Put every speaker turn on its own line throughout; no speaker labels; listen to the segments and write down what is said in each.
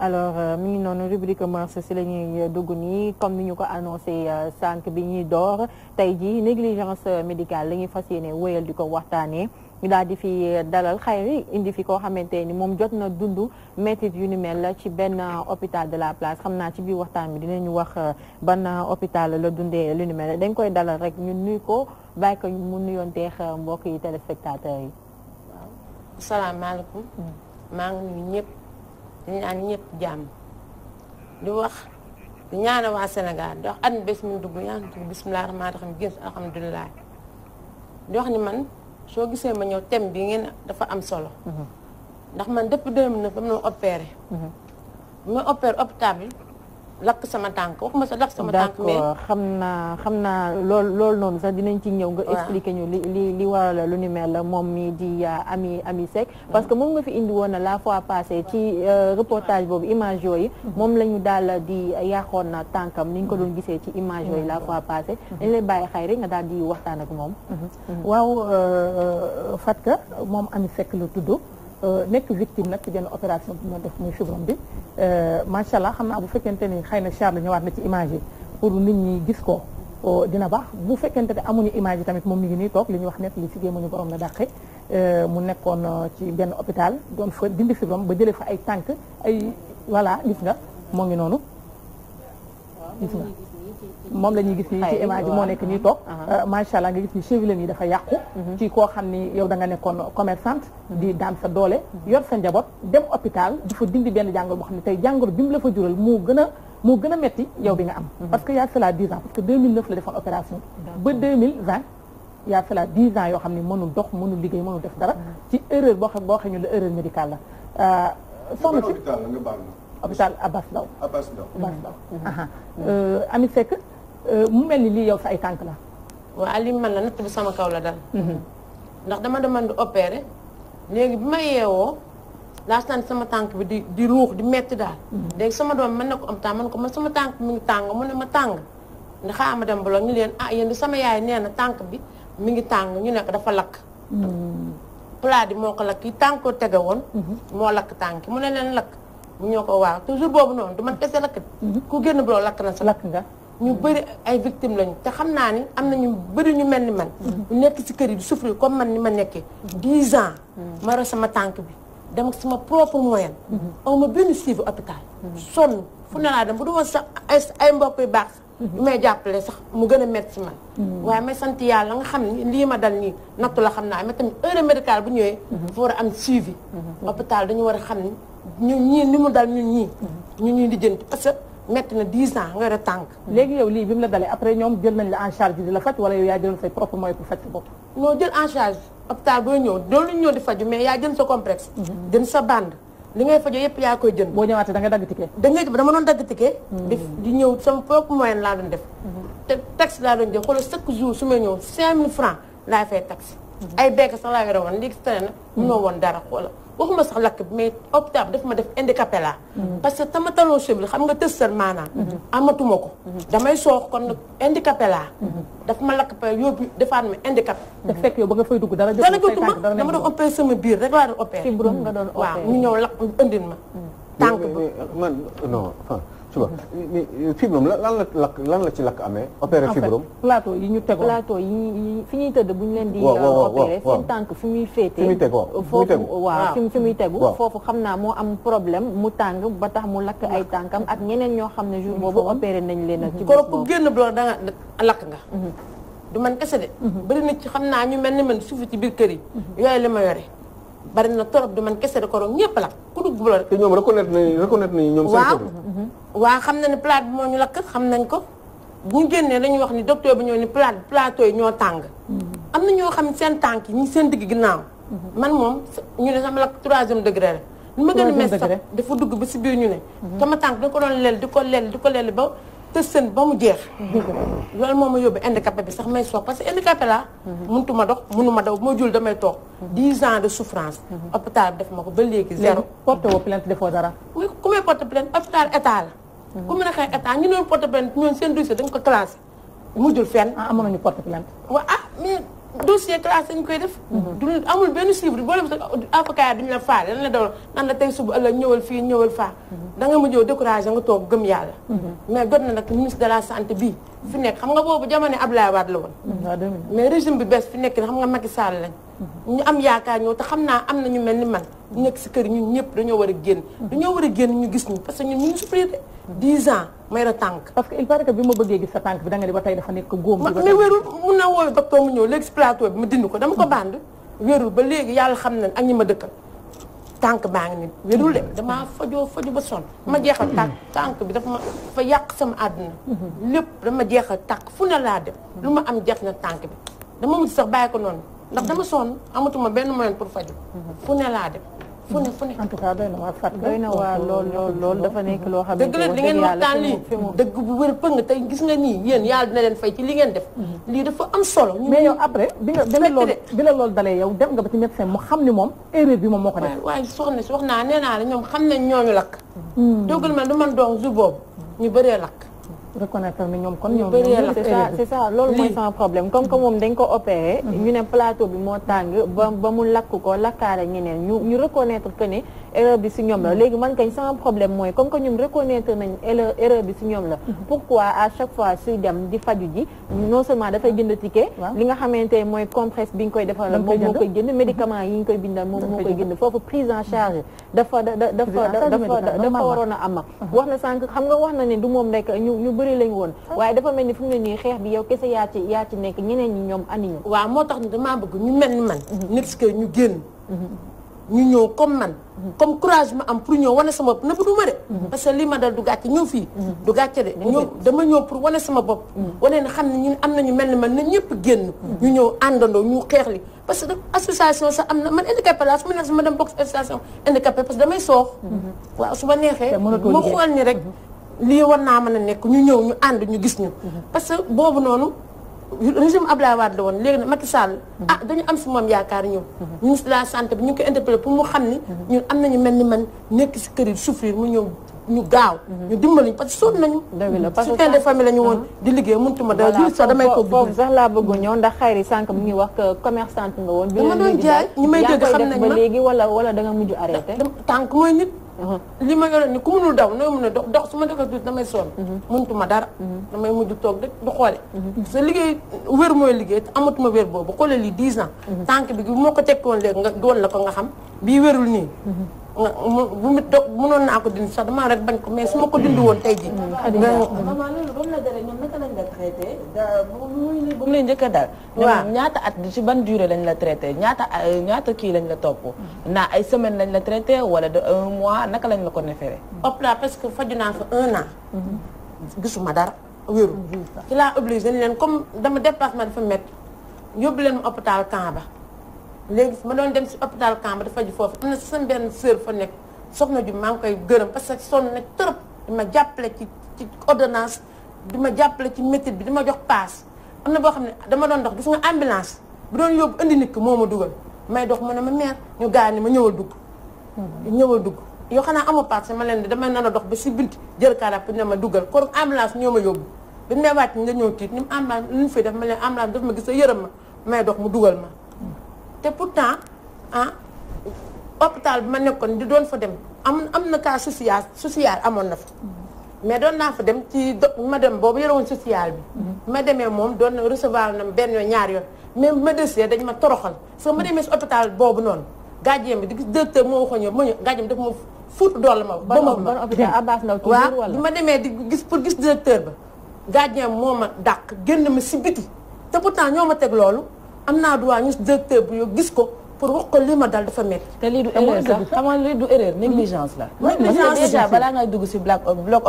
alors euh, mi ngi noonu rubrique mœurs si la ñuy euh, dugg nii comme ni ñu ko annoncé euh, sànq bi ñuy door tey jii négligence médicale la ñuy fas yéene wéyal di ko waxtaanee ñu daal di fi dalal xayri indi fi koo xamante ni moom jot na dund métit yu ni mel la ci benn hôpital de la place xam naa ci biir waxtaan bi dinañu wax ban hôpital la dundee lu ni mel dañ koy dalal rek ñu nuy ko bàyyi ko mu nuyonteex mbokk yi téléspectateurs yi.
waaw salaamaaleykum hmm. maa ngi dañu ñaan ñëpp jàmm di wax di ñaana waa Sénégal di wax at mi bés mu dugg ñaan dugg bisimilah rahmaani rahiim gis alhamdulilah di wax ni man soo gisee ma ñëw thème bi ngeen dafa am solo. Mhm. ndax man depuis 2009 ba na opéré. Mhm. bu ma opéré hôpital bi. lakk sama tànk waxuma sa lakk sama tànk. mais
xam naa xam naa lool lool noonu sax dinañ ci ñëw. nga expliquer ñu li li li waral lu ni mel la moom mi di euh, Ami Ami Seck. Mm. parce que moom nga fi indi woon la fois passée ci euh, reportage boobu image yooyu. Mm. moom la ñu daal di yàqoon tànkam ni ñu ko doon gisee ci image yooyu la mm. fois passée. Mm-hmm. dañ lay bàyyi xay rek nga daal di waxtaan ak moom.
Mm-hmm. Mm-hmm. waaw euh, Fatka moom Ami Seck la tudd. Euh, nekk victime nag ci benn opération bi ma def muy fibrom bi euh, macha allah xam naa bu fekkente ni xëy na Charles ñëwaat na ci image pour nit ñi gis ko. Euh, dina baax bu fekkente ne amuñu image yi tamit moom mi ngi nii toog li ñu wax nekk li ci gémmuñu borom la dàqe mu nekkoon ci benn hôpital doon fa dindi fibrom ba jëlee fa ay tànk ay voilà gis nga moo ngi noonu
gis nga. moom la ñuy gis nii ci image moo nekk nii toog
euh, macha allah nga gis ni chevilem yi dafa yàqu mhm. ci koo xam ni yow da nga nekkoon commerçante mhm. di daan sa doole mhm. yor sa njaboot dem hôpital di fa dindi benn jàngoro boo xam ne tey jàngoro bi mu la fa jural moo gën a moo gën a metti yow bi nga am parce que yaa cela dix ans parce que 2009 la defoon opération ba 2020 yaa cela dix ans yoo xam ne mënul dox mënul liggéey mënul def dara ci erreur boo xam boo xam ne la erreur médicale euh, si hôpital Abbas Ndao
Abbas Ndao
Abbas Ndao Euh, mu mel ni lii yow sa ay tànk la.
waaw li man la natt bu sama kaw la dal. Mhm. ndax dama demoon di opéré léegi bi ma yeewoo laas naan sama tànk bi di di ruux di metti daal. Mhm. léegi sama doom mën ne ko am temps man ko man sama tànk mi ngi tàng mu ne ma tàng ndax xaaral dem bolo ñu leen ah yéen sama yaay nee na tànk bi mi ngi tàng ñu nekk dafa lakk.
Mhm.
plat bi moo ko lakk yi tànkoo ko tege woon. moo lakk tànk mu ne leen lakk. mu ñoo ko waaw toujours boobu noonu du man kese lakk. ku génn bolo lakk na sa. lakk nga. ñu bëri ay victime lañu te xam naa ni am na ñu bëri ñu mel ni man. ñu nekk ci kër yi di souffrir comme man ni ma nekkee. 10 ans. ma yor sama tànk bi dem sama propre moyen. aw ma benn suivi hôpital. sonn fu ne laa dem bu du sax ay mbokk yu baax. ñu may jàppale sax mu gën a métti si man. waaye may sant yàlla nga xam ni lii ma dal nii nattu la xam naa mais tamit heure médicale bu ñëwee. dafa war a am suivi. hôpital dañu war a xam ni ñun ñii ni mu dal ñun ñii. ñu metti na 10 ans nga yore tànk. léegi yow lii bi mu la dalee après ñoom jël nañ la en charge di la faj wala yow yaa jëloon say propre moyen pour faj sa bopp. non jël en charge hôpital booy ñëw loolu ñëw di faju mais yaa jël sa complexe. Mhm. jël sa bande li ngay fajoo yëpp yaa koy jënd. boo ñëwaatee da nga dagg ticket. da ngay dama doon dagg ticket. Mhm. di ñëw sama propre moyen laa doon def. Mhm. te taxe laa doon jël xoolal chaque jour su may ñëw 5000 francs laay fay taxe. ay béykat sax laa yore woon léegi tane na. mënoo woon dara xoolal. waxuma sax lakk mais optable daf ma def handicapé la mm-hmm. parce que tama talon chevelu xam nga tëstal maanaam mm-hmm. amatuma ko mm-hmm. damay soox kon nag handicapé la daf ma lakk pa yóbbu defaat ma handicapé te fekk yow ba nga fay dugg dara jotuma dama doon opéré sama biir rek laa doon opéré waaw ñu ñëw lakk indil ma
tànk ba man non tu vois fibrome lan la lakk lan la ci lakk amee. opéré fibrome
plateau yi ñu tegoon plateau yi fi ñuy tëdd bu ñu leen di. opéré seen tànk fi muy féetee. fi muy tegu foofu waaw fi muy tegu. foofu xam naa moo am problème mu tàng ba tax mu lakk ay tànkam ak ñeneen ñoo xam ne jour boobu opéré nañ leen ak. ci bés boobu ku
génn bloc da nga
lakk nga. Mm-hmm.
du man kese de. Mm-hmm. bari na ci xam naa ñu mel ni man suufu ci biir kër yi. Mm-hmm. yooyu la ma yore. bari na torop du man kese de koroog ñëpp la ku dugg waa xam na ne plate bi moo ñu lakk xam nañ ko bu ñu génnee dañuy wax ni docteur bi ñoo ni plate plateau yi ñoo tàng. Mm-hmm. am na ñoo xam seen tànk yi ñi seen digg ginnaaw. Mm-hmm. man moom ñu ne sama la troisième degré la. li ma gën a mes sax dafa dugg ba si biir ñu ne. Mm-hmm. sama tànk da ko doon lel di ko lel di ko lel ba. te seen ba mu jeex. loolu moo ma yóbbu handicapé bi sax may soog parce que handicapé laa. mëntu ma dox mënu ma daw jul damay toog. 10 ans de souffrance. hôpital def ma ko ba léegi. zéro porté woo plainte defoo dara. muy ku may porté plainte hôpital état la. ku mu état ñu doon porté plainte ñoom seen dossier dañ ko classé. mujjul fenn ah amoon nañu porté plainte. waaw ah mais. dossier classé ñu koy def. Mhm. du amul benn chiffre boo dem sa avocat duñu la faale dañ la doon naan la tey suba ëllëg ñëwal fii ñëwal faa. Mhm. da nga mujjee découragé nga toog gëm yàlla. Mhm. mais jot na nag ministre de la santé bii. fi nekk xam nga boobu jamono Abdoulaye Wade la woon. mais régime bi bees fi nekk xam nga Macky Sall lañ. ñu am yaakaar ñoo te xam naa am na ñu mel ni man. nekk si kër ñun ñëpp dañoo war a génn. dañoo war a génn ñu gis ñu parce que ñun ñu ngi supprimer 10 may la tànk. parce que il paraît que bi ma bëggee gis sa tànk bi da nga ni ba tey dafa nekk góom. bi ba tey ma ko dama ko bànd. wérul ba léegi yàlla xam na ak ñi ma dëkkal tànk baa ngi nii wérul damaa fajoo faju ba sonn. ma jeexal tànk tànk bi dafa ma fa yàq sama àdduna. lépp dama jeexal tànk fu ne laa dem. lu ma am jeex na tànk bi dama mujj sax bàyyi ko noonu. ndax dama sonn amatuma benn moyen pour faju fu ne laa dem
fu ne fu ne nekk loo xam ne
dëgg la ngeen waxtaan lii dëgg bu wér pëng tey gis nga nii yéen yàlla dina leen fay ci li ngeen def mhm. lii dafa am solo mais yow après bi lool bi la lool dalee yow dem nga ba ci médecin mu xam ne moom erreur bi moom moo ko def waaye soxna si wax naa nee naa la ñoom xam nañ ñooñu lakk mhm. doogal man du man doon
ju boobu mhm. ñu bëree lakk reconnaître ñoom kon ñoom c'est ça c'est ça loolu mooy
sans problème comme que moom dañ ko opéré ñu ne plateau bi moo tàng ba ba mu lakk ko lakkaale ñeneen ñu ñu reconnaître que ne erreur bi si ñoom la léegi man kañ sama problème mooy comme que ñoom reconnaître nañ erreur bi si ñoom la mhm. pourquoi à chaque fois suy dem di faju ji non seulement dafay jënd ticket li nga xamante mooy compresse bi ñu koy defal moom moo koy jënd médicament yi ñu koy bindal moom moo koy jënd foofu prise en charge dafa da dafa dafa dafa waroon a am wax na sànq xam nga wax na ne du moom nekk ñu ñu bëri lañ woon waaye dafa mel ni fu mu ne nii xeex bi yow kese yaa ci yaa ci nekk ñeneen ñi ñoom aniñu waaw moo tax damaa bëgg ñu mel ni man mm-hmm. nit ki ñu génn mm-hmm.
ñu ñëw comme man comme courage ma am pour ñëw wane sama bopp nëbb du ma de parce que li ma dal du gàcce ñëw fii du gàcce de ñëw dama ñëw pour wane sama bopp wane ne xam ne ñu am na ñu mel ni man na ñëpp génn ñu ñëw àndandoo ñu xeex li parce que association sax am na ma ne ma dem bokk association handicapé parce que damay soox waaw su ma neexee ma xool ni rek lii war naa mën a nekk ñu ñëw ñu ànd ñu gis ñu uhuh. parce que boobu noonu régime Abdoulaye Wade la woon léegi nag Macky Sall ah dañu am si moom yaakaar ñëw ministre de la santé bi ñu ngi ko pour mu xam ni ñun am nañu mel ni man nekk si kër yi souffrir mu ñëw ñu gaaw ñu dimbaliñ parce que sonn nañu soutien de famille la woon ah. di liggéey mëntuma da lii sax damay ko foofu sax
laa bëgg ñëw ndax xayri sànq mu ngi wax que nga woon dama doon jaay ñu may dégg xam ma léegi wala wala da nga mujj arrêté
tànk mooy li ma yoroon ni ku mënul daw nooy mën a dox dox su ma defee tuuti damay sonn. Mhm. ma dara. Mhm. damay mujj toog rek du xoole. Mhm. sa liggéey wér mooy liggéey te amatuma wér boobu xoole lii 10 ans. tànk bi moo ko teg tekkoon léegi nga doon la ko nga xam bii wérul nii. nga bu mu doog mënoon naa ko dindi sax damaa rek bañ ko mais su ma ko dindi woon tey jii.
traité bu muy bu mu leen
njëkk a dal. waaw ñaata at ci ban durée lañ la traité ñaata euh, ñaata kii lañ la topp. Mm-hmm. naa ay semaine lañ la traité wala de un mois naka lañ la ko neferee. hop là parce que faju naa fa un an. Mm-hmm. gisuma dara wéru. Mm-hmm. ci laa obligé leen comme dama déplacement dafa métti yóbbu leen ma hôpital Camp ba léegi ma doon dem si hôpital kamba ba dafa ji foofu am na sama benn fa nekk soxna ju maa ngi koy gërëm parce que sonn na trop ma jàppale ci ci ordonnance. di ma jàppale ci métit bi di jox paas am na boo xam ne dama doon dox gis nga ambulance bu doon yóbbu indi nit ki moo ma dugal may dox ma ne ma meer ñu gaa ni ma ñëwal dugg hmm. ñëwal dugg yoo xanaa amoo paas ma leen di damay nar dox ba si binti jël karab ma dugal kon ambulance ñoo ma yóbbu bi may wàcc nga ñëw tiit ni mu ambulance lu ñu fay def ma leen ambulance daf ma gis sa yërëm ma may dox mu dugal ma hmm. te pourtant ah hôpital bi ma nekkoon di doon fa dem am am na cas social social amoon na fa hmm. mais doon naa fa dem ci ma dem boobu yore woon social bi mhm. ma demee moom doon na recevoir na benn yoon ñaar yoon mais ma desee dañ ma toroxal soo ma demee si hôpital boobu noonu gardien bi di gis docteur moo waxoon yow ma ñëw gardien bi daf ma fuut doole ma ba ma ban hôpital Abbas Ndao ma demee di gis pour gis docteur ba gardien bi moo ma dàq génn ma si biti te pourtant ñoo ma teg loolu am naa droit ñu docteur bi yow gis ko pour wax ko li ma dal dafa métti. te lii du erreur sax xam nga lii du erreur négligence la. négligence balaa ngay dugg ci bloc euh, bloc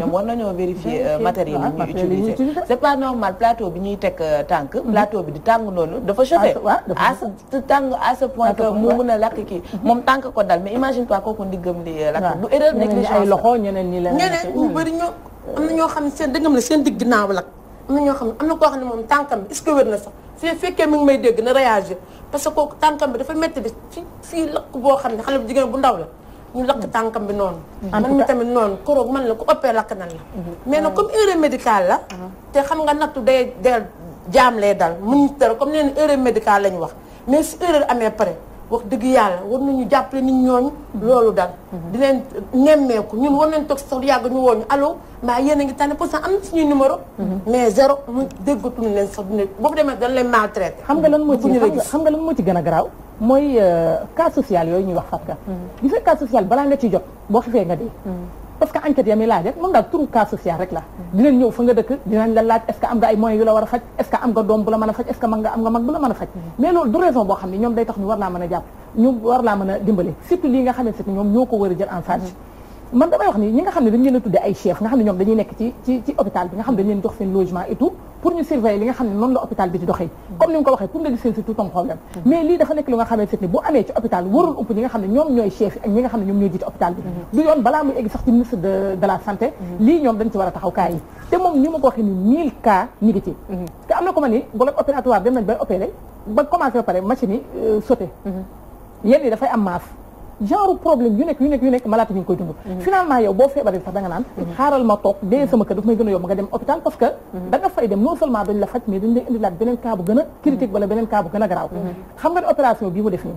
ñoom war nañoo vérifier euh, matériel ah, yi ñuy utiliser. c'est pas normal plateau bi ñuy teg euh, tànk. Mhm. plateau bi di tàng noonu dafa ah, chauffé. à ce tàng à ce point que mu mun a lakk kii. Mhm. moom tànk ko dal mais imagine toi kooku ndiggam li lakk. du erreur négligence la. ñeneen ñu hmm. bëri ñoo am na ñoo xam ne seen dëggam la seen digg ginnaaw lakk am na ñoo xam ne na koo xam ne moom tànkam est te fekkee mi ngi may dégg na réagir parce que kooku tànkam bi dafa métti bi fi fii lakk boo xam ne xale bu jigéen bu ndaw la ñu lakk mm-hmm. tànkam bi noonu man mi tamit noonu koroog man la ko ëppee lakk na la mm-hmm. mais nag comme erreur médicale la uh-huh. te xam nga nattu day deel jaam lay dal mun dara comme nee na erreur médicale la ñu wax mais su erreur amee pare wax dëgg yàlla war nañu jàppale nit ñooñ loolu dal di leen nemmeeku ñun war nañ toog sax du yàgg ñu woo ñu allo mbaa yéen a ngi tànn pourtant am na suñuy numéro mais zéro mu déggatuñu leen sax dune boobu demee dañ leen maltraité xam nga leen moo ci xam
nga lan gën a garaaw mooy euh, cas social yooyu ñuy wax fatka mm. gis nga cas social balaa nga ci jot boo xifee nga dee mm. parce que enquête ya muy laaj rek turu cas social rek la dinañ ñëw fa nga dëkk dinañ la laaj est ce am nga ay moyens yu la war a faj est ce am nga doom bu la mën a faj est ce mag nga am nga mag bu la mën a faj mm. mais loolu du raison boo xam ne ñoom day tax ñu war laa mën a jàpp ñu war laa mën a dimbale surtout lii nga xamante ne ñoom ñoo ko war a jël en man damay wax ni ñi nga xam ne dañu leen a ne ñoom dañuy nekk ci ci ci hôpital bi nga xam ne dañu leen jox seen logement et tout pour ñu surveiller li nga xam ne noonu la hôpital bi doxee comme ni mm-hmm. nga xam ne ñoom ñooy hôpital bi mm-hmm. du yoon balaa muy egg sax ci ministre de de la santé mm-hmm. lii ñoom dañ ci war a taxaw te moom ni ma ko waxee ni mille cas ñi ngi ci te am na ko ma ni bloc opératoire dem ba commencé ba pare machine yi euh, sauté yenn yi dafay am masse genre problème yu nekk yu nekk yu nekk malaat yi ngi koy dund mhm. finalement yow boo feebaree sax naan mhm. xaaral ma toog dee sama kër daf may gën a yomb nga dem hôpital parce que mhm. da nga fay dem non seulement dañ la faj mais dañ lay indilaat beneen cas bu gën a critique beneen cas bu gën a garaaw xam nga ne opération bii mu def nii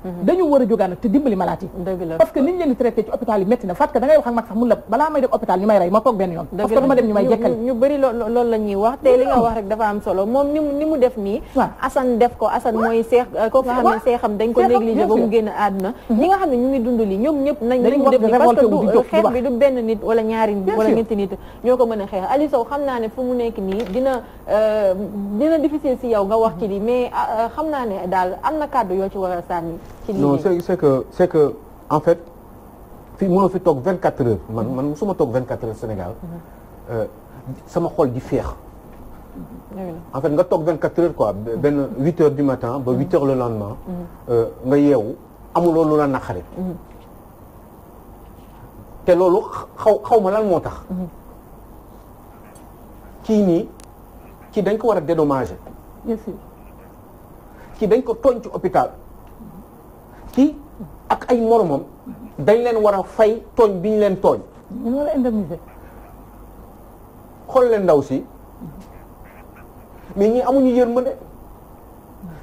Mm-hmm. dañu war a jógaan nag te dimbali malade yi parce que niñ leen di traité ci hôpital yi métti na fat ka da wax ak mag sax mun la balaa may dem hôpital ñu may rey ma toog benn yoon parce que dama ñu may jekkal ñu
bëri loolu la wax te li nga mm-hmm. wax rek dafa am solo moom ni mu def nii Assane def ko Assane mooy seex euh, kooku nga xam ne seexam dañ ko négligé ba mu génn àdduna mm-hmm. ñi nga xam ne ñu ngi dund li ñoom ñëpp nañ euh, nit ñoo ko mën a xeex Aliou Sow xam naa ne fu mu euh, wax ci li mais xam naa ne daal am na kàddu yoo ci war a sànni ci non c'est
c'est que c'est que en fait fii mënoo fi toog 24 heures man man suma toog 24 heures Sénégal mhm. euh, sama xool di feex en fait nga toog 24 heures ko mhm. benn 8 heures du matin ba 8 heures le lendemain. Mhm. Euh, nga yeewu amuloo lu la naqari. te loolu xaw xaw ma lan moo tax. kii nii kii dañ ko war a dédommager. kii dañ ko tooñ hôpital. ay moromam dañ leen war a fay tooñ bi ñu leen tooñ. ñu xool leen ndaw si mais ñii amuñu yërmande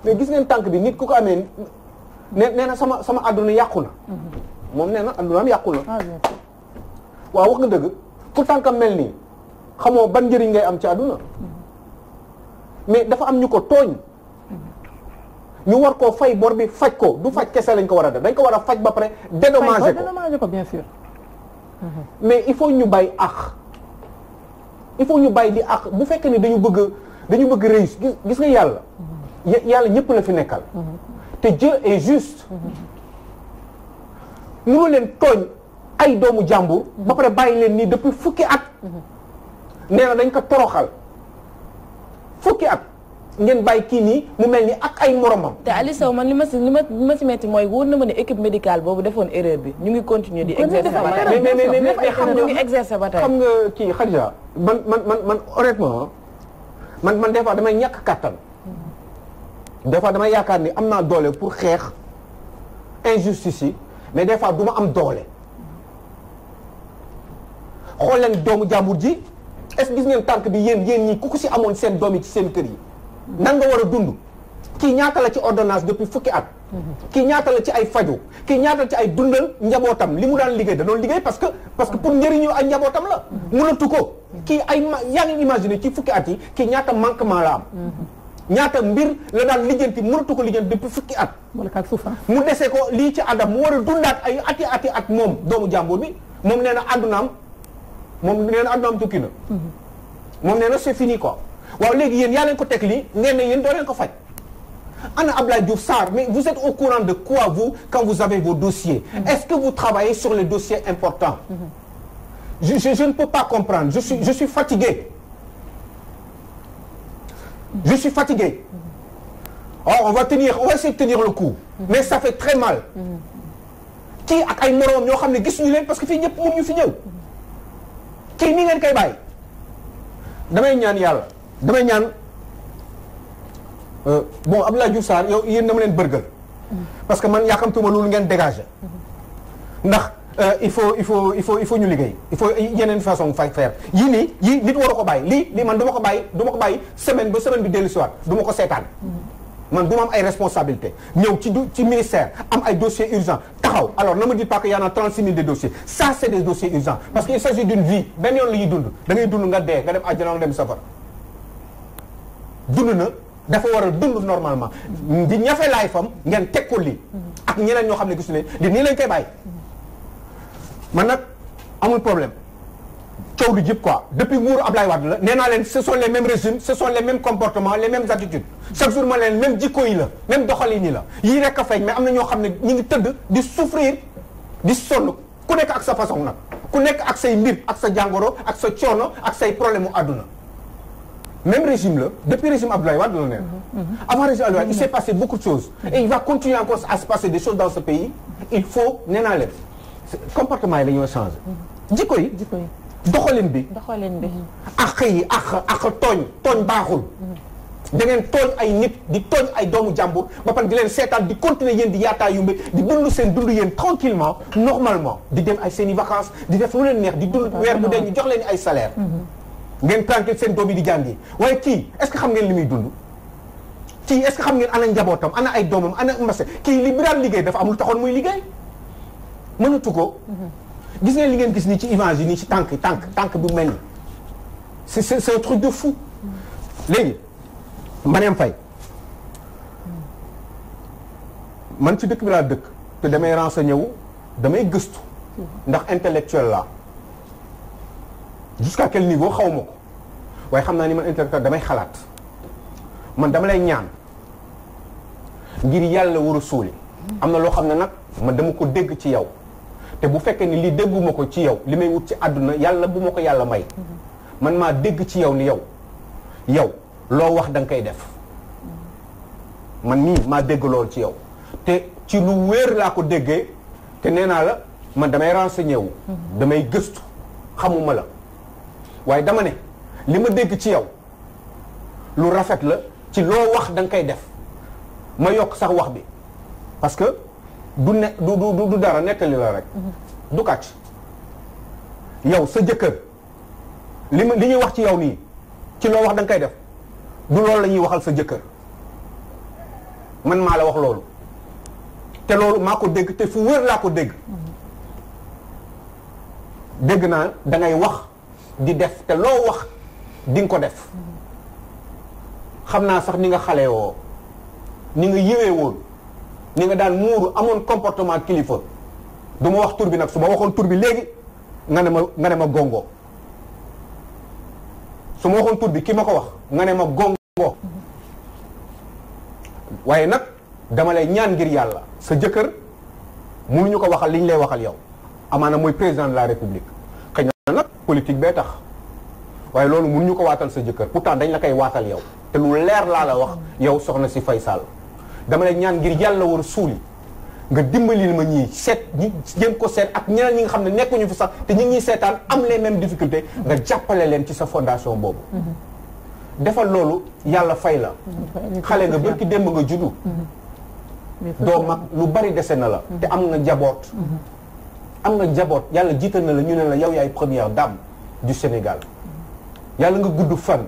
mais gis ngeen tànk bi nit ku ko amee ne nee na sama sama àdduna yàqu na. moom nee na àddunaam yàqu na. Ah, waaw wax nga dëgg ku tànkam mel nii xamoo ban njëriñ ngay am ci àdduna mais dafa am ñu ko tooñ. ñu war koo fay bor bi faj ko du faj kese lañ ko war a def dañ ko war a faj ba pare dédommager ko dédommager ko bien sûr mhm. mais il faut ñu bàyyi ax il faut ñu bàyyi di ak bu fekkee ni dañu bëgg dañu bëgg réussir gis nga yàlla mhm. yàlla ñëpp la fi nekkal mhm. te Dieu est juste mënu leen tooñ ay doomu jàmbur ba pare bàyyi leen nii depuis fukki at nee na dañ ko toroxal fukki at ngeen bàyyi kii nii mu mel ni ak ay moroomam
te Aliou Sow man li ma si li ma li ma si metti mooy wóor na ma ne équipe médicale boobu defoon erreur bi ñu ngi continuer di exercer ba tey mais mais mais xam nga ñu ngi
exercer ba tey xam nga kii Khadija man man man man honnêtement man man des fois damay ñàkk kàttan des fois damay yaakaar ni am naa doole pour xeex injustice yi mais des fois du ma am doole xool leen doomu jàmbur ji est-ce que gis ngeen tànk bi yéen yéen ñi ku ko si amoon seen doom yi ci seen kër yi. nan nga war a dund kii ñaata la ci ordonnance depuis fukki at kii ñaata la ci ay faju kii ñaata la ci ay dundal njabootam li mu daan liggéey da doon liggéey parce que parce que pour njëriñu ay la mënatu ko kii ay yaa ngi imaginer ci fukki at yi kii ñaata manquement la am ñaata mbir la daan lijjanti mënatu ko lijjanti depuis fukki at ah. mu desee ko lii ci adam mu war a dundaat ay ati ati at moom doomu jàmbur bi moom nee na àddunaam moom nee na àddunaam tukki na mm-hmm. moom nee na c'est fini quoi waaw léegi yéen yaa leen ko teg lii ngeen ne yéen doo leen ko faj ana Abdoulaye Diouf Sarr mais vous êtes au courant de quoi vous quand vous avez vos dossiers mm-hmm. est-ce que vous travaillez sur les dossiers importants
mm-hmm.
je, je, je ne peux pas comprendre je suis je suis fatigué mm-hmm. je suis fatigué oh on va tenir on va essayer de tenir le coup mais ça fait très mal kii ak ay moroom ñoo xam ne gisuñu leen parce que fii ñëpp mënuñu fi ñëw kii nii ngeen koy bàyyi damay ñaan yàlla damay ñaan euh, bon Abdoulaye Diouf Sarr yow yéen dama leen bërgal parce que man yaakamtuma loolu ngeen dégagé ndax euh, il faut il faut il faut il faut ñu liggéey il faut yeneen façon fay faire yii nii yii nit waru ko bàyyi lii lii man du ma ko bàyyi du ma ko bàyyi semaine ba semaine bi dellu si waat du ma ko seetaan man du ma am ay responsabilité ñëw ci du ci ministère am ay dossiers urgents taxaw alors ne me dites pas que y en a 36 de dossiers ça c' est des que il s'agit d'une da ngay dund nga dee nga dem àjjana nga dem dund na dafa war a dund normalement di ñafe laay fam ngeen teg ko lii mm-hmm. ak ñeneen ñoo xam ne gisu leen di nii lañ koy bàyyi mm-hmm. man nag amul problème coow du jib quoi depuis nguuru Ablaye Wade la nee naa leen ce sont les mêmes régimes ce sont les mêmes comportements les mêmes attitudes chaque jour ma leen même jikko yi la même doxalin yi la yii rek a feeñ mais am na ñoo xam ne ñu ngi tëdd di souffrir di sonn ku nekk ak sa façon nag ku nekk ak say mbir ak sa jàngoro ak sa coono ak say problème mu àdduna même régime la depuis régime Abdoulaye Wade la ne mhm. avant régime Abdoulaye Wade il s'est mhm. passé beaucoup de choses et il va continuer encore à se passer des choses dans ce pays il faut nee naa leen comportement yi la ñoo changé mhm. jikko yi doxalin bi doxalin bi ak yi ak ak tooñ tooñ baaxul da ngeen tooñ ay nit di tooñ ay doomu jàmbur ba pare di leen seetaan di continuer yéen di yaataa yumbe di dund seen dund yéen tranquillement normalement di dem ay seen i di def lu leen neex di dund weer bu dee ñu jox leen ay salaire ngeen tranquille seen doom yi di jàngi waaye kii est-ce xam ngeen li muy dund kii est-ce que xam ngeen ana njabootam ana ay doomam ana mbase kii li bi daan liggéey dafa am lu taxoon muy liggéey mënatu ko mm-hmm. gis ngeen li ngeen gis nii ci image yi nii ci tànk tànk tànk bu mel ni c'est c'est un truc de ma mm-hmm. léegi Mbaneem Faye man ci dëkk bi laa dëkk te damay renseigné wu damay gëstu
mm-hmm.
ndax intellectuel laa jusqu'à quel niveau xaw ma ko waaye xam naa ni man intellectuel damay xalaat man dama lay ñaan ngir yàlla war a suuli am na loo xam ne nag man dama ko dégg ci yow te bu fekkee ni li dégguma ko ci yow li may wut ci àdduna yàlla bu ma ko yàlla may man maa dégg ci yow ni yow yow loo wax danga koy def man nii maa dégg loolu ci yow te ci lu wéer laa ko déggee te nee naa la man damay renseigné mm-hmm. damay gëstu xamuma la waaye dama ne li ma dégg ci yow lu rafet la ci loo wax da nga koy def ma yokk sax wax bi parce que du ne du du dara nettali la rek. Mm-hmm. du kàcc yow sa jëkkër li ma li ñuy wax ci yow nii ci loo wax da nga koy def du loolu la ñuy waxal sa jëkkër man maa la wax loolu te loolu maa ko dégg te fu wér laa ko dégg
mm-hmm.
dégg naa dangay wax. di def te loo wax di ko def xam naa sax ni nga xale woo ni nga yëwee woon ni nga daan muuru amoon comportement kilifa du ma wax tur bi nag su ma waxoon tur bi léegi nga ne ma nga ne ma gongo su ma waxoon bi ki ma ko wax nga ne ma gongo waaye nag dama lay ñaan ngir yàlla sa jëkkër ñu ko waxal li ñu lay waxal yow amaana mooy président la république xëy nag politique bee tax waaye loolu ñu ko waatal sa jëkkër pourtant dañ la koy waatal yow te lu leer laa la wax yow soxna si Faye Sall dama lay ñaan ngir yàlla war suuli nga dimbalil ma ñii seet ñi jéem ko seet ak ñeneen ñi nga xam ne nekkuñu fi sax te ñi ngi seetaan am les mêmes difficultés nga jàppale leen ci sa fondation boobu defal loolu yàlla fay la xale nga bërki démb nga juddu mm-hmm. mm-hmm. doo mag lu bari dese na la mm-hmm. te am nga njaboot am nga njaboot yàlla jiital na la ñu ne la yow yaay première dame du Sénégal yàlla nga gudd fan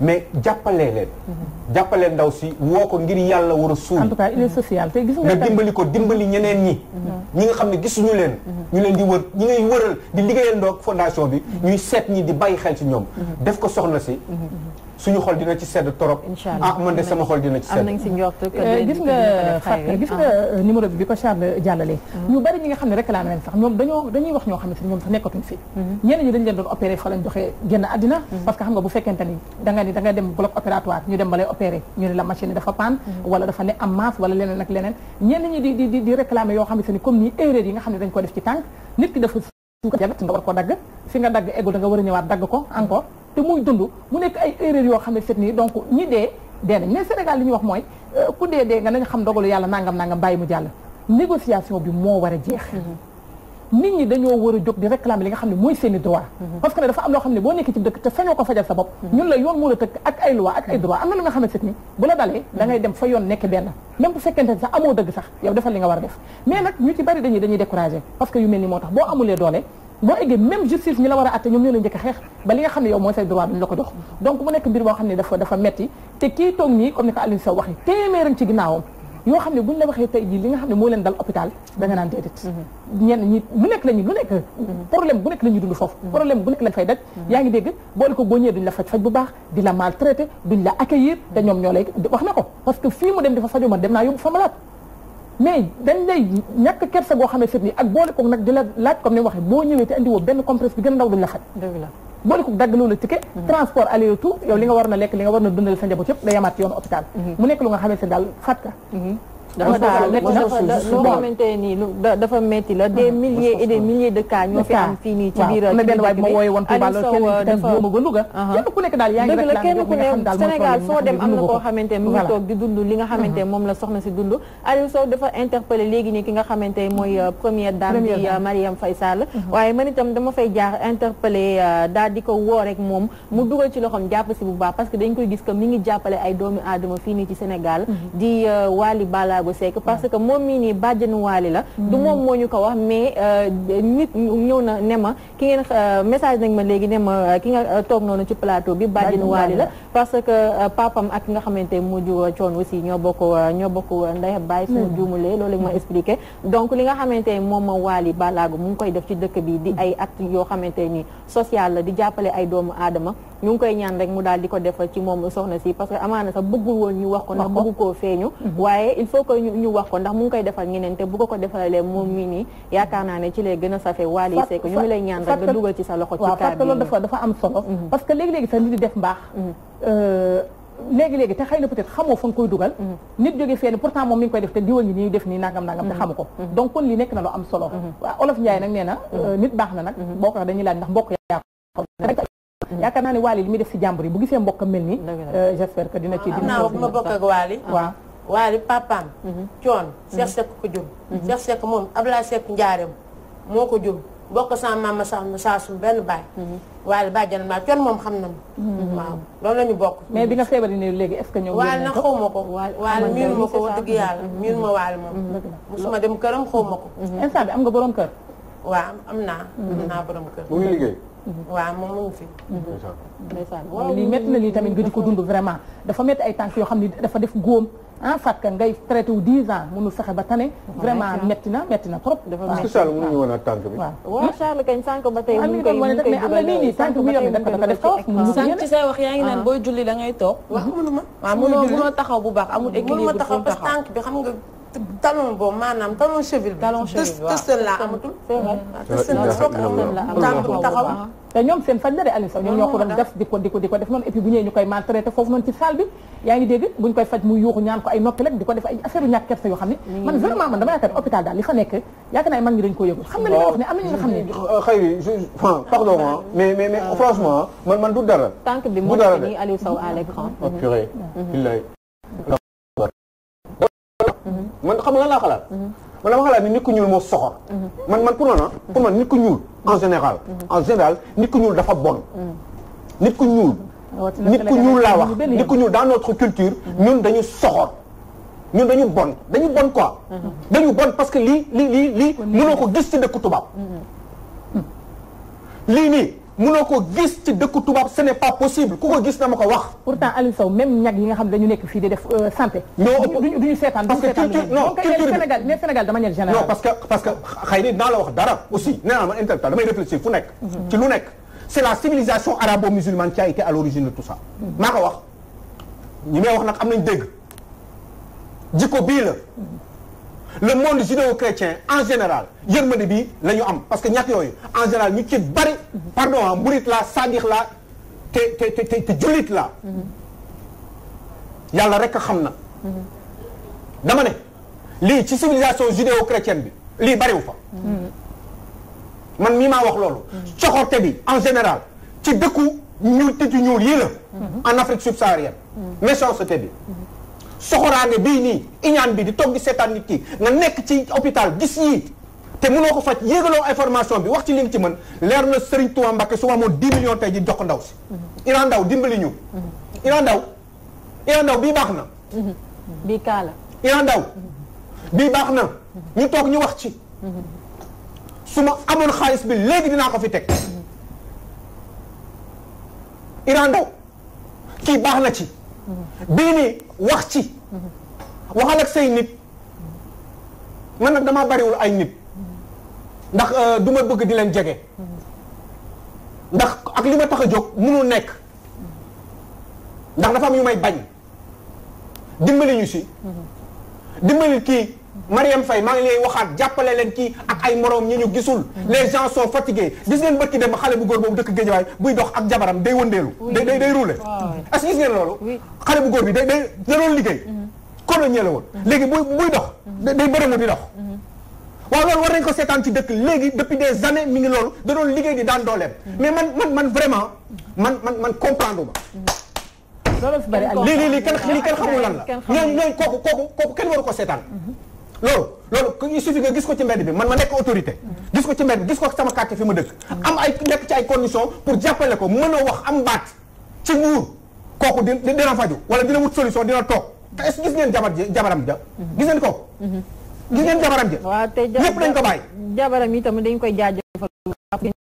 mais jàppalee leen jàppalee ndaw si woo ko ngir yàlla war a suul en tout
cas il est social te nga dimbali
ko dimbali ñeneen ñi mhm. ñi nga xam ne gisuñu leen mhm. ñu leen di wër ñi ngay wëral di liggéeyal ndoog fondation bi mhm. ñuy seet ñi di bàyyi xel ci ñoom def ko soxna si suñu xol dina ci sedd torop ah man de sama xol dina ci sedd
euh, gis nga Fatou euh, bi ko Charles jàllale mm-hmm. ñu bari ñi nga xam ne réclamé nañ sax ñoom dañoo dañuy wax ñoo xamante ne ñoom sax nekkatuñ fi mm-hmm. ñenn ñi dañ leen doon opéré fa lañ joxee a àddina mm-hmm. parce que xam nga bu fekkente ni da nga ni da nga dem bloc opératoire ñu dem ba lay ñu ne la machine dafa paan wala dafa ne am masse wala leneen ak leneen ñenn ñi di di di yoo xamante ni comme ni erreur yi nga xam ne dañ ko def ci tànk nit nga dagg fi nga dagg eggu da ko encore te muy dund mu nekk ay erreur yoo xam ne set nii donc ñi dee dee nañ mais Sénégal li ñuy wax mooy euh, ku dee dee nga nañ xam dogalu yàlla nangam nangam bàyyi mu jàll négociation bi moo war a jeex mm-hmm. nit ñi dañoo war a jóg di réclamer li nga xam ne mooy seen i droit mm-hmm. parce ne dafa am loo xam ne boo nekkee ci dëkk te sañoo ko fajal sa mm-hmm. ñun la yoon moo la tëkk ak ay loi ak ay droit am na lu nga xamante ni bu la dalee da dem fa yoon nekk benn même yow defal li a def mais nag ñu ci bari dañuy dañuy découragé parce que yu mel ni moo tax boo boo eggee même justice ñi la war a atte ñoom ñoo la a moo leen dal hôpital da nga naan déedéet mhm. mhm. mhm. di la maltraité duñ la ñoom ñoo lay wax na parce que fii mu dem dafa faju man dem naa yóbbu fa malaat mais dañ lay ñàkk kersa goo xamee sit nii ak boole koog nag di la laaj comme ni mu waxee boo ñëwee te benn compresse bi gën a ndaw duñ la xaj boole koog dagg loolu ticket mm-hmm. transport aller retour yow li nga war na lekk li nga war na dundal sa njaboot yëpp day yamaat yoonu hôpital mm-hmm. mu nekk lu nga xamee si daal fàtka mm-hmm. dafa loo xamante
nii lu dafa metti la des ah, milliers et des milliers de cas ñoo fi am fii nii ci biir na benn waay ma wooye uh-huh.
ku nekk daal yaa la kenn ku ne Sénégal foo dem am na koo xamante mu ngi toog
di dund li nga xamante uh-huh. moom la soxna si dund Aliou Sow dafa interpellé léegi nii ki nga xamante mooy uh, première uh, dame Mariam Faye Sall uh-huh. waaye man itam dama fay jaar interpellé uh, daal di ko woo rek moom mu dugal ci loxoom jàpp si bu baax parce que dañ koy gis que mi ngi jàppale ay doomi aadama fii nii ci Sénégal Balago Seck parce que moom mii nii bàjjenu waali la mm-hmm. du moom moo ñu ko wax mais euh, nit ñëw na ne ma ki ngeen euh, message nañ ma léegi ne ma euh, ki nga toog noonu ci plateau bi bàjjenu waali la parce que papam ak nga xamante mu ju coon aussi ñoo bokk ñoo bokk ndey baay suñu mm-hmm. juumulee loolu ma mm-hmm. expliqué donc li nga xamante moom ma waali Balago mu ngi koy def ci dëkk bi di ay acte yoo xamante ni social la di jàppale ay doomu aadama ñu ngi koy ñaan rek mu daal di ko defal ci moom soxna si parce que amaana sax woon ñu wax ko ndax bëggu koo feeñu koy ñu wax ko ndax mu ngi koy defal ñeneen te bu ko ko defalee moom mii nii yaakaar naa ne ci lay gën a safe waali seek ñu ngi lay
dafa am solo mm-hmm. parce que léegi-léegi sax mbaax mm-hmm. euh, léegi-léegi te xëy na peut-être xamoo mm-hmm. moom mi ngi koy def te diwal ñi nii def nii nangam nangam te xamu ko donc kon li nekk na lu am solo olof Njaay nag nee na euh, nit baax na nag boo ko wax dañuy laaj ndax mbokk yaakaar naa ne waali li muy def si jàmbur yi bu gisee mbokkam mel nii euh, j'espère
waaye papaam. Mhm. coon mhm. Cheikh Seck ko jur. Mhm. Cheikh Seck moom Abdoulaye Seck njaareem moo ko jur bokk sama maam ma saa su benn baay. waaye bàjjanam laa coon moom xam na waaw loolu bokk. mais bi
nga feebaree léegi est-ce que
ñëw waaye nag xaw ma ko. dëgg yàlla miinu ma waale moom. dëgg musuma dem këram
xaw ma ko. instant bi am nga borom kër. waa am naa. am naa
borom kër. mu ngi liggéey.
waaw moom mu fi. lii métti na lii tamit nga di ko dund vraiment dafa métti ay tànk yoo xam ni dafa def góom ah Fatou Kane ngay traité wu 10 ans mënul fexe ba tane. vraiment metti na metti na
trop. dafa
metti na waaw mënuñu woon a tànk bi. waaw waaw
hmm? Charles kañ sànq ba tey. Ah, mu ngi koy mu ngi koy dugal mais am na nii nii tànk bu yomb
dañ ko dafa def kawas. sànq ci say wax yaa ngi naan ah. booy julli da ngay toog. waaw mënuma. mënuma taxaw bu baax amul équilibre fu mu taxaw mënuma taxaw parce que tànk bi xam nga. talon boobu maanaam talon cheville. talon cheville waaw tës la amatul. c'est vrai tës ah, taxaw.
te ñoom seen fan la de Aliou Sow ñoom ñoo ko doon def di ko di ko di ko def noonu et puis bu ñëwee ñu koy maltraité foofu noonu ci salle bi yaa ngi dégg buñ koy faj muy yuuxu ñaan ko ay noppi rek di ko def ay affaire ñàkk kersa yoo xam ne man vraiment man dama yaakaar hôpital daal li fa nekk yaakaar naa mag ñi dañ ko yëgul xam nga li ma wax ne am na ñu nga xam ne
euh, xëy na pardon moi mais mais mais franchement man man du dara
tànk bi moo nekk nii Aliou Sow à l'écran
oh, man xam nga lan laa xalaat. Mhm. man dama xalaat nit ku ñuul moo soxor. Mhm. man man pour man ah. pour man nit ku ñuul en général. Mhm. en général nit ku ñuul dafa bon. nit ku ñuul.
nit ku ñuul laa wax nit ku ñuul
dans notre culture. ñun dañu soxor. ñun dañu bon dañu bon quoi. dañu bon parce que lii lii lii lii mënoo ko gis ci dëkku tubaab. lii nii.
mënoo ko gis ci dëkku n'est pas possible ku ko gis na ma ko wax. pourtant Aliou Sow même ñag yi nga xam ne dañu nekk fii di def euh, santé. ñoo duñu non culture Sénégal mais non parce
que parce que xëy na dinaa la wax dara aussi nee naa man intellectuel damay réfléchir fu nekk. ci lu nekk c'est la civilisation arabo-musulmane qui a été à l'origine de tout ko wax ñi may wax nag am nañ dégg jikko bii la. le monde judéo-chrétien en général yërmande bi lañu am parce que ñàkk yooyu en général ñu ci bari pardon a ah, murit la sadix la te te te te jullit la yàlla rek a xam na dama ne lii ci civilisation judéo-chrétienne bi lii bariwu fa man mii maa wax loolu coxorte bi en général ci dëkku ñu te ci ñuul yii
la
en Afrique subsaharienne méchanceté bi soxoraane bii nii iñaan bi di togg di seetaan nit ki nga nekk ci hôpital gis yii te mënoo ko faj yéegaloo information bi wax ci li nga ci mën leer na Serigne Touba Mbacké su ma amoon 10 tey ji jox ko ndaw si Iran Ndaw
Ndaw
Iran Ndaw bii baax na na ñu toog ñu wax ci su ma amoon xaalis bi léegi dinaa ko fi teg Iran Ndaw kii baax na ci bii nii wax ci waxal ak say nit man nag damaa bariwul ay nit ndax euh, duma ma bëgg di leen jege ndax ak li ma tax a jóg mënul nekk ndax dafa am yu may bañ dimbali ñu si dimbali kii Mariam fay maa ngi lay waxaat jàppale leen kii ak ay moroom ñi ñu gisul les gens sont fatigués gis ngeen ki dem xale bu góor boobu dëkk Géejawaay buy dox ak jabaram day wëndeelu day day day roulé est-ce que gis ngeen loolu xale bu góor bi day day da doon liggéey mm-hmm. colonie woon mm-hmm. léegi buy buy dox mm-hmm. day bërëmu di dox waaw loolu war nañ ko seetaan ci dëkk léegi depuis des mi ngi loolu da liggéey di daan dooleem mais man man man vraiment man man man comprendre ma loolu fi bëri lii lii lii kenn lii la ñoom ñoom kooku kooku kooku kenn waru ko seetaan loolu loolu il suffit que gis ko ci mbedd bi man ma nekk autorité gis ko ci mbedd bi gis ko sama quartier fi ma dëkk am ay nekk ci ay conditions pour jàppale ko mën a wax am baat ci nguur kooku di dina faju wala dina wut solution dina toog te est-ce gis ngeen jabar jabaram ja gis ko mhm. gis ngeen jabaram ja
ñëpp dañ ko bàyyi jabaram yi tamit dañ koy jaajëf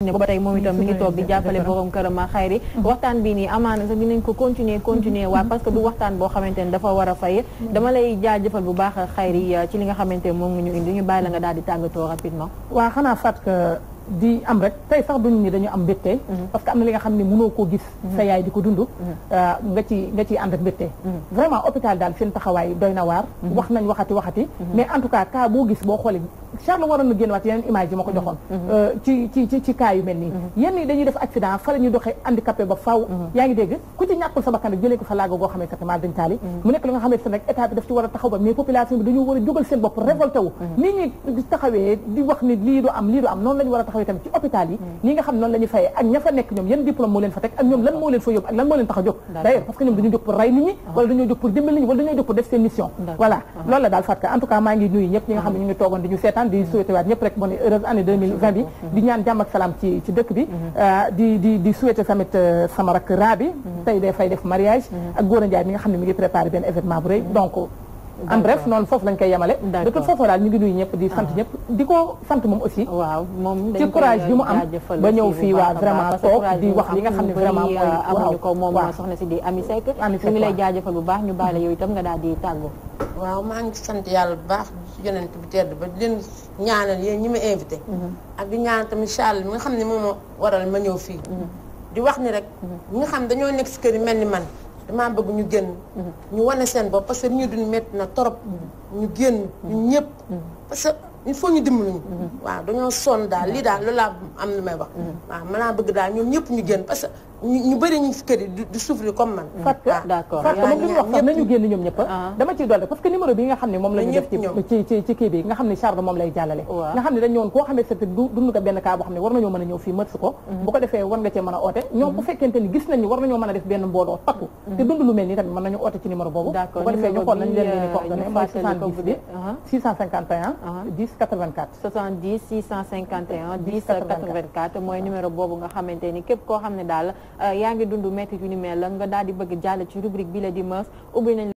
ne ba tey moom itam mi ngi toog di jàppale borom kërama xayri waxtaan bi nii amaana sax dinañ ko continuer continuer mm-hmm. waa parce que du waxtaan boo xamante dafa war a fay mm-hmm. dama lay jaajëfal bu baax xayri ci li nga xamante ne moom nga ñu indi ñu bàyyi la nga daal di tàggatoo rapidement
waaw xanaa fat que di am rek tey sax duñu ni dañu am mbégte mhm. parce que am na li nga xam koo gis mhm. sa yaay di ko dund mhm. euh, nga ci nga ciy ànd ak mbégte vraiment hôpital daal seen taxawaay doy na waar wax nañ waxati waxati mais en tout cas cas boo gis boo xoolee Charles waroon na génn waat ma ko mu nekk li nga xamee seen rek état bi ci war a taxaw ba mais population bi dañu war a jógal seen bopp révolté wu nii ñuy taxawee di wax ni lii du am lii du am noonu lañu war opération ci hôpital yi li nga xam noonu la ñu ak ña fa nekk ñoom yan diplôme moo leen fa teg ak ñoom lan jóg parce que ñoom dañu jóg pour rey nit ñi uh-huh. dañoo jóg pour def uh-huh. seetaan di uh-huh. souhaité waat ñëpp rek bonne heureuse année 2020 di ñaan jàmm salaam ci dëkk bi euh, di di di souhaité raa bi tey day fay def mariage ak góor a njaay mi nga xam ne mi ngi préparé benn événement bu rëy en bref noonu foofu lañ koy yemale de toute façon daal ñu ngi nuyu ñëpp di sant ah. ñëpp di ko sant moom aussi ci courage bi mu am ba ñëw fii waa vraiment toog
di wax li nga xam ne vraiment mooy amuñu ko moom soxna si di Ami Seck ñu ngi lay jaajëfal bu baax ñu bàyyi la yow itam nga daal di
maa ngi sant yàlla bu baax yonent bi tedd ba di leen ñaanal yéen ñi ma invité mhm. ak di ñaanal tamit Charles mi nga xam ne moom waral ma ñëw fii mhm. di wax ni rek mhm. ñi nga xam dañoo nekk si kër yi mel ni man damaa bëgg ñu génn. ñu wane seen bopp parce que ñu dund métti na torop ñu génn. ñun ñëpp. parce que il faut ñu dimbali ñu. Mm-hmm. waaw dañoo sonn daal lii daal loolu laa am lu may wax. Mm-hmm. waaw mën naa bëgg daal ñoom ñëpp ñu génn parce que. ñu bëri ñu kër yi di souffrir comme man. parce que ah. d'accord parce que moom li
génn ñoom ñëpp ah. dama ciy dolli parce que numéro bi nga xam ne moom la def ci ci nga xam ne charge moom lay jàllale nga xam ne dañ mm-hmm. mm-hmm. def benn mbooloo takku mm-hmm. te dund lu mel nii tamit mën nañu oote ci numéro boobu
boobu nga xamante ni képp koo xam ne daal Euh, yaa ngi dund métti yu ni mel la nga daal di bëgg jàll ci rubrique bi la di mœurs ubbi nañ